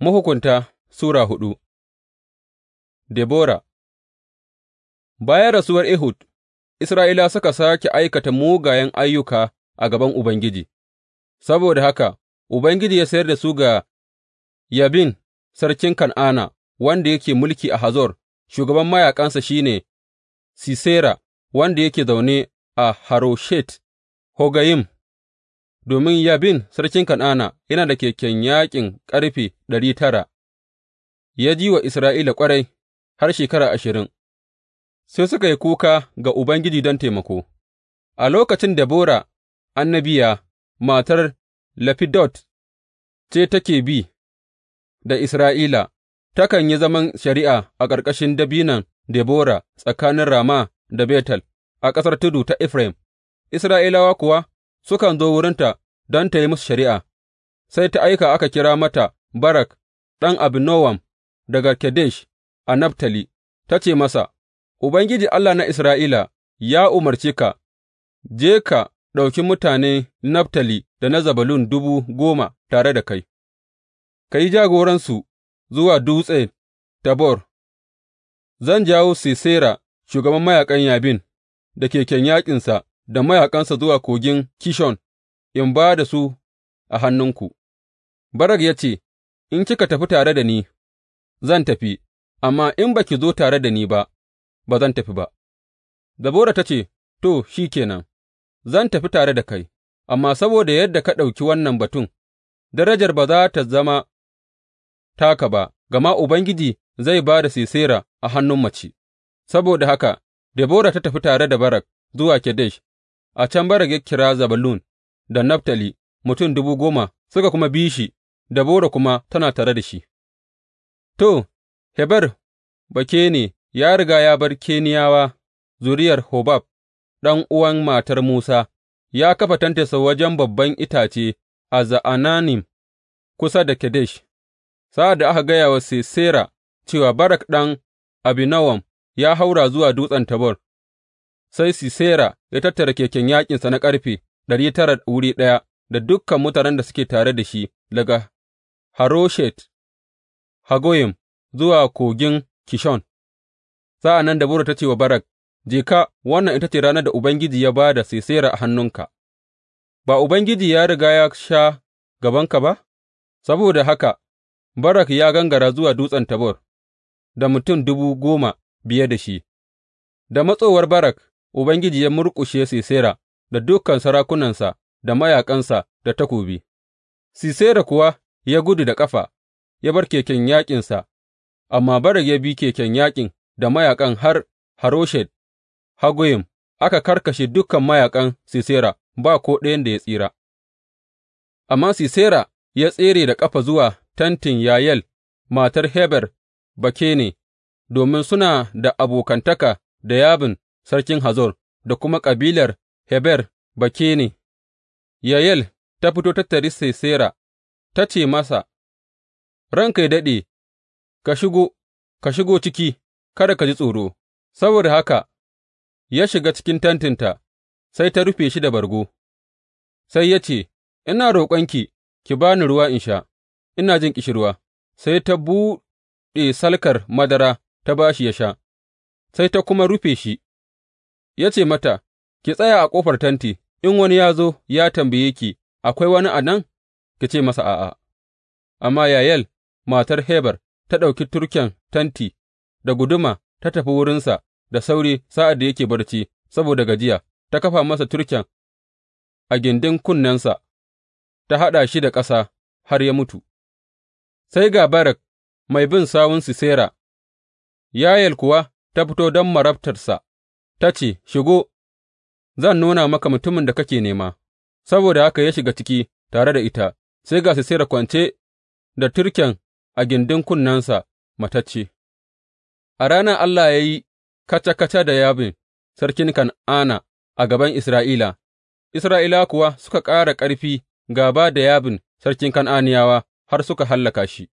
Mahukunta Sura hudu Debora Bayan rasuwar Ehud, Isra'ila suka sake aikata mugayen ayyuka a gaban Ubangiji, saboda haka Ubangiji ya sayar da su ga Yabin sarkin Kan'ana, wanda yake mulki a Hazor, shugaban mayakansa shine ne Sisera, wanda yake zaune a Haroshet Hogayim. domin Yabin sarkin Kan'ana yana da keken yaƙin ƙarfe ɗari tara, ya ji wa Isra'ila ƙwarai har shekara ashirin, sai suka yi kuka ga Ubangiji don taimako. A lokacin Debora annabiya, matar Lafidot ce take bi da Isra'ila, takan yi zaman shari'a a ƙarƙashin dabinan Debora tsakanin Rama da Betel a ƙasar tudu ta Efraim, Isra'ilawa kuwa sukan zo wurinta don tă yi musu shari'a, sai ta aika aka kira mata Barak ɗan Abinowam daga Kadesh a Naftali, ta ce masa, Ubangiji Allah na Isra'ila ya umarci ka, je ka ɗauki mutane Naftali da na Zabalun dubu goma tare da kai, ka yi jagoransu zuwa dutse Tabor, zan jawo Sisera shugaban mayaƙan Yabin da keken yaƙinsa da mayaƙansa zuwa kogin Kishon in ba da su a hannunku. Barak ya ce, In kika tafi tare da ni, zan tafi, amma in ba ki zo tare da ni ba, ba zan tafi ba. Zabora ta ce, To, shi kenan, zan tafi tare da kai, amma saboda yadda ka ɗauki wannan batun, darajar ba za ta zama taka ba, gama Ubangiji zai ba da Sisera a hannun mace. Saboda haka, Debora ta tafi tare da Barak zuwa Kedesh A can Barak ya kira Zebulun da Naftali mutum dubu goma suka kuma bi shi, Debora kuma tana tare da shi. To, Heber Bakene ya riga ya bar Keniyawa zuriyar Hobab, uwan matar Musa, ya kafa tantarsa wajen babban itace a Za'ananim kusa da Kadesh, sa'ad da aka gaya wa Sisera cewa Barak ɗan Abinawam ya haura zuwa dutsen Tabor, sai Sisera ya tattara keken yaƙinsa na ƙarfe ɗari tara wuri ɗaya da dukan mutanen da suke tare da shi daga Haroshet Hagoyim zuwa kogin Kishon. Sa'an nan Debora ta ce wa Barak, Je ka, wannan ita ce ranar da Ubangiji ya ba da Sisera a hannunka, ba Ubangiji ya riga ya sha gabanka ba? Saboda haka, Barak ya gangara zuwa dutsen Tabor da mutum dubu goma biye da shi, da matsowar Barak Ubangiji ya murƙushe Sisera da dukan sarakunansa da mayaƙansa da takobi, Sisera kuwa ya gudu da ƙafa, ya bar keken yaƙinsa, amma Barak ya bi keken yaƙin da mayaƙan har Haroshet Hagoyim, aka karkashe dukan mayaƙan Sisera ba ko ɗayan da ya tsira. Amma Sisera ya tsere da ƙafa zuwa tentin Yayel, matar Heber Bakene, domin suna da abokantaka da Yabin sarkin Hazor, da kuma kabilar Heber Bakene, Yayel ta fito tattari tari Sisera, ta ce masa, Ranka yă daɗe, ka shigo, ka shigo ciki, kada ka ji tsoro, saboda haka ya shiga cikin tantinta sai ta rufe shi da bargo, sai ya ce, Ina roƙonki, ki ba ni ruwa in sha, ina jin ƙishirwa, sai ta buɗe salkar madara ta ba shi ya sha, sai ta kuma rufe shi. ya ce mata, Ki tsaya a ƙofar tenti, in wani ya zo ya tambaye ki, Akwai wani a nan? Ki ce masa a'a. Amma Yayel, matar Heber, ta ɗauki turken tenti da guduma ta tafi wurinsa da sauri sa'ad da yake barci saboda gajiya, ta kafa masa turken a gindin kunnensa, ta haɗa shi da ƙasa har ya mutu. Sai ga Barak mai bin sawun Sisera, Yayel kuwa ta fito don marabtarsa. ta ce, Shigo, zan nuna maka mutumin da kake nema, saboda haka ya shiga ciki tare da ita, sai ga Sisera kwance da turken a gindin kunnensa matacce. A rana Allah ya yi kaca kaca da Yabin, sarkin Kan'ana a gaban Isra'ila, Isra'ila kuwa suka ƙara ƙarfi gaba da Yabin sarkin Kan'aniyawa har suka hallaka shi.